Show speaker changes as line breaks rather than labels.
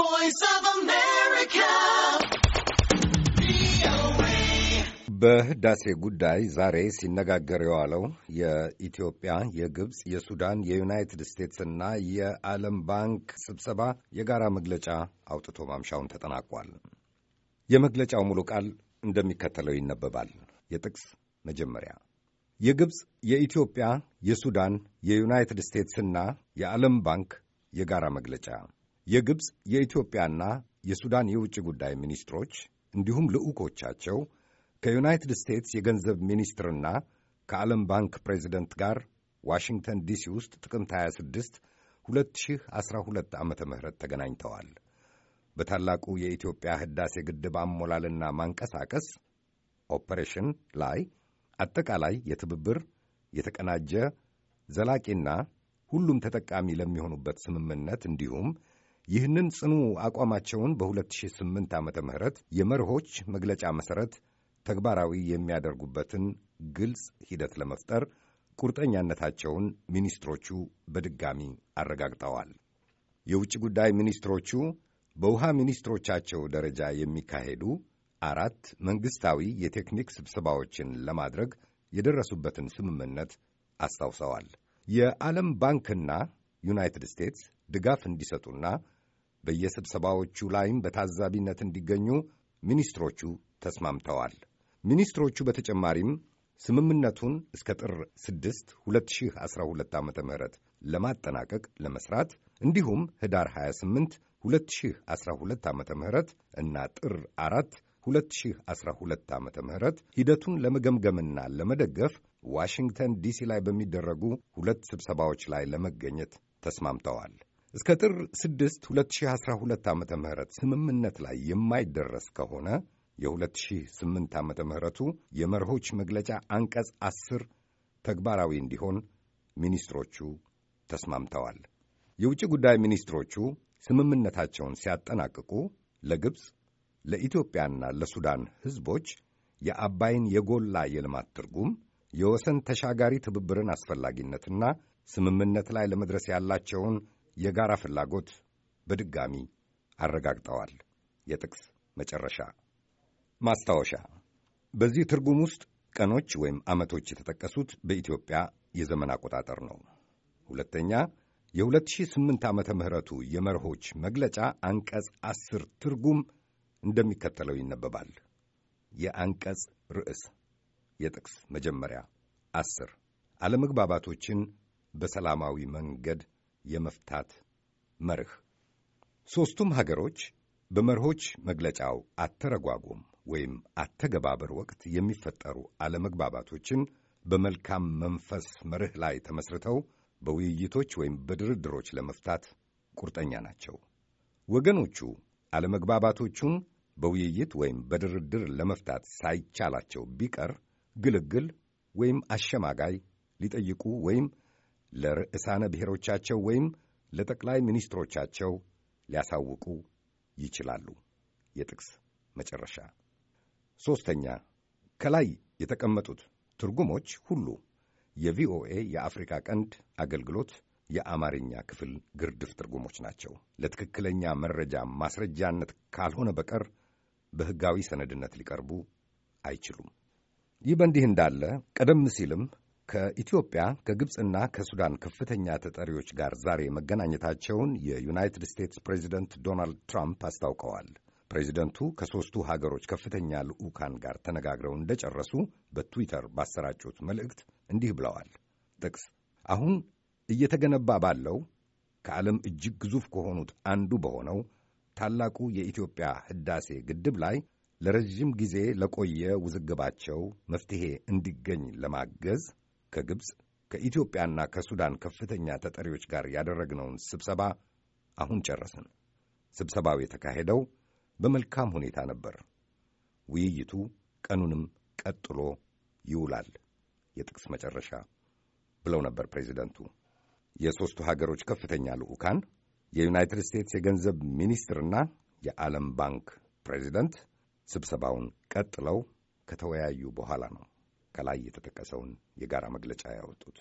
voice of America. በህዳሴ ጉዳይ ዛሬ ሲነጋገር የዋለው የኢትዮጵያ፣ የግብፅ፣ የሱዳን፣ የዩናይትድ ስቴትስ ና የዓለም ባንክ ስብሰባ የጋራ መግለጫ አውጥቶ ማምሻውን ተጠናቋል። የመግለጫው ሙሉ ቃል እንደሚከተለው ይነበባል። የጥቅስ መጀመሪያ የግብፅ፣ የኢትዮጵያ፣ የሱዳን፣ የዩናይትድ ስቴትስና የዓለም ባንክ የጋራ መግለጫ የግብፅ የኢትዮጵያና የሱዳን የውጭ ጉዳይ ሚኒስትሮች እንዲሁም ልዑኮቻቸው ከዩናይትድ ስቴትስ የገንዘብ ሚኒስትርና ከዓለም ባንክ ፕሬዚደንት ጋር ዋሽንግተን ዲሲ ውስጥ ጥቅምት 26 2012 ዓ ም ተገናኝተዋል። በታላቁ የኢትዮጵያ ህዳሴ ግድብ አሞላልና ማንቀሳቀስ ኦፐሬሽን ላይ አጠቃላይ የትብብር የተቀናጀ ዘላቂና ሁሉም ተጠቃሚ ለሚሆኑበት ስምምነት እንዲሁም ይህንን ጽኑ አቋማቸውን በ2008 ዓ ምህረት የመርሆች መግለጫ መሠረት ተግባራዊ የሚያደርጉበትን ግልጽ ሂደት ለመፍጠር ቁርጠኛነታቸውን ሚኒስትሮቹ በድጋሚ አረጋግጠዋል። የውጭ ጉዳይ ሚኒስትሮቹ በውሃ ሚኒስትሮቻቸው ደረጃ የሚካሄዱ አራት መንግሥታዊ የቴክኒክ ስብሰባዎችን ለማድረግ የደረሱበትን ስምምነት አስታውሰዋል። የዓለም ባንክና ዩናይትድ ስቴትስ ድጋፍ እንዲሰጡና በየስብሰባዎቹ ላይም በታዛቢነት እንዲገኙ ሚኒስትሮቹ ተስማምተዋል። ሚኒስትሮቹ በተጨማሪም ስምምነቱን እስከ ጥር 6 2012 ዓ ም ለማጠናቀቅ ለመስራት እንዲሁም ህዳር 28 2012 ዓ ም እና ጥር 4 2012 ዓ ም ሂደቱን ለመገምገምና ለመደገፍ ዋሽንግተን ዲሲ ላይ በሚደረጉ ሁለት ስብሰባዎች ላይ ለመገኘት ተስማምተዋል። እስከ ጥር 6 2012 ዓ ም ስምምነት ላይ የማይደረስ ከሆነ የ2008 ዓ ምቱ የመርሆች መግለጫ አንቀጽ 10 ተግባራዊ እንዲሆን ሚኒስትሮቹ ተስማምተዋል። የውጭ ጉዳይ ሚኒስትሮቹ ስምምነታቸውን ሲያጠናቅቁ ለግብፅ ለኢትዮጵያና ለሱዳን ሕዝቦች የአባይን የጎላ የልማት ትርጉም የወሰን ተሻጋሪ ትብብርን አስፈላጊነትና ስምምነት ላይ ለመድረስ ያላቸውን የጋራ ፍላጎት በድጋሚ አረጋግጠዋል። የጥቅስ መጨረሻ ማስታወሻ። በዚህ ትርጉም ውስጥ ቀኖች ወይም ዓመቶች የተጠቀሱት በኢትዮጵያ የዘመን አቆጣጠር ነው። ሁለተኛ የ2008 ዓመተ ምሕረቱ የመርሆች መግለጫ አንቀጽ ዐሥር ትርጉም እንደሚከተለው ይነበባል። የአንቀጽ ርዕስ የጥቅስ መጀመሪያ ዐሥር አለመግባባቶችን በሰላማዊ መንገድ የመፍታት መርህ ሦስቱም ሀገሮች በመርሆች መግለጫው አተረጓጎም ወይም አተገባበር ወቅት የሚፈጠሩ አለመግባባቶችን በመልካም መንፈስ መርህ ላይ ተመስርተው በውይይቶች ወይም በድርድሮች ለመፍታት ቁርጠኛ ናቸው። ወገኖቹ አለመግባባቶቹን በውይይት ወይም በድርድር ለመፍታት ሳይቻላቸው ቢቀር ግልግል ወይም አሸማጋይ ሊጠይቁ ወይም ለርዕሳነ ብሔሮቻቸው ወይም ለጠቅላይ ሚኒስትሮቻቸው ሊያሳውቁ ይችላሉ። የጥቅስ መጨረሻ። ሦስተኛ ከላይ የተቀመጡት ትርጉሞች ሁሉ የቪኦኤ የአፍሪካ ቀንድ አገልግሎት የአማርኛ ክፍል ግርድፍ ትርጉሞች ናቸው። ለትክክለኛ መረጃ ማስረጃነት ካልሆነ በቀር በሕጋዊ ሰነድነት ሊቀርቡ አይችሉም። ይህ በእንዲህ እንዳለ ቀደም ሲልም ከኢትዮጵያ ከግብፅና ከሱዳን ከፍተኛ ተጠሪዎች ጋር ዛሬ መገናኘታቸውን የዩናይትድ ስቴትስ ፕሬዚደንት ዶናልድ ትራምፕ አስታውቀዋል። ፕሬዚደንቱ ከሦስቱ ሀገሮች ከፍተኛ ልዑካን ጋር ተነጋግረው እንደጨረሱ በትዊተር ባሰራጩት መልእክት እንዲህ ብለዋል። ጥቅስ አሁን እየተገነባ ባለው ከዓለም እጅግ ግዙፍ ከሆኑት አንዱ በሆነው ታላቁ የኢትዮጵያ ሕዳሴ ግድብ ላይ ለረዥም ጊዜ ለቆየ ውዝግባቸው መፍትሔ እንዲገኝ ለማገዝ ከግብፅ ከኢትዮጵያና ከሱዳን ከፍተኛ ተጠሪዎች ጋር ያደረግነውን ስብሰባ አሁን ጨረስን። ስብሰባው የተካሄደው በመልካም ሁኔታ ነበር። ውይይቱ ቀኑንም ቀጥሎ ይውላል የጥቅስ መጨረሻ ብለው ነበር ፕሬዚደንቱ። የሦስቱ ሀገሮች ከፍተኛ ልዑካን፣ የዩናይትድ ስቴትስ የገንዘብ ሚኒስትርና የዓለም ባንክ ፕሬዚደንት ስብሰባውን ቀጥለው ከተወያዩ በኋላ ነው። ከላይ የተጠቀሰውን የጋራ መግለጫ ያወጡት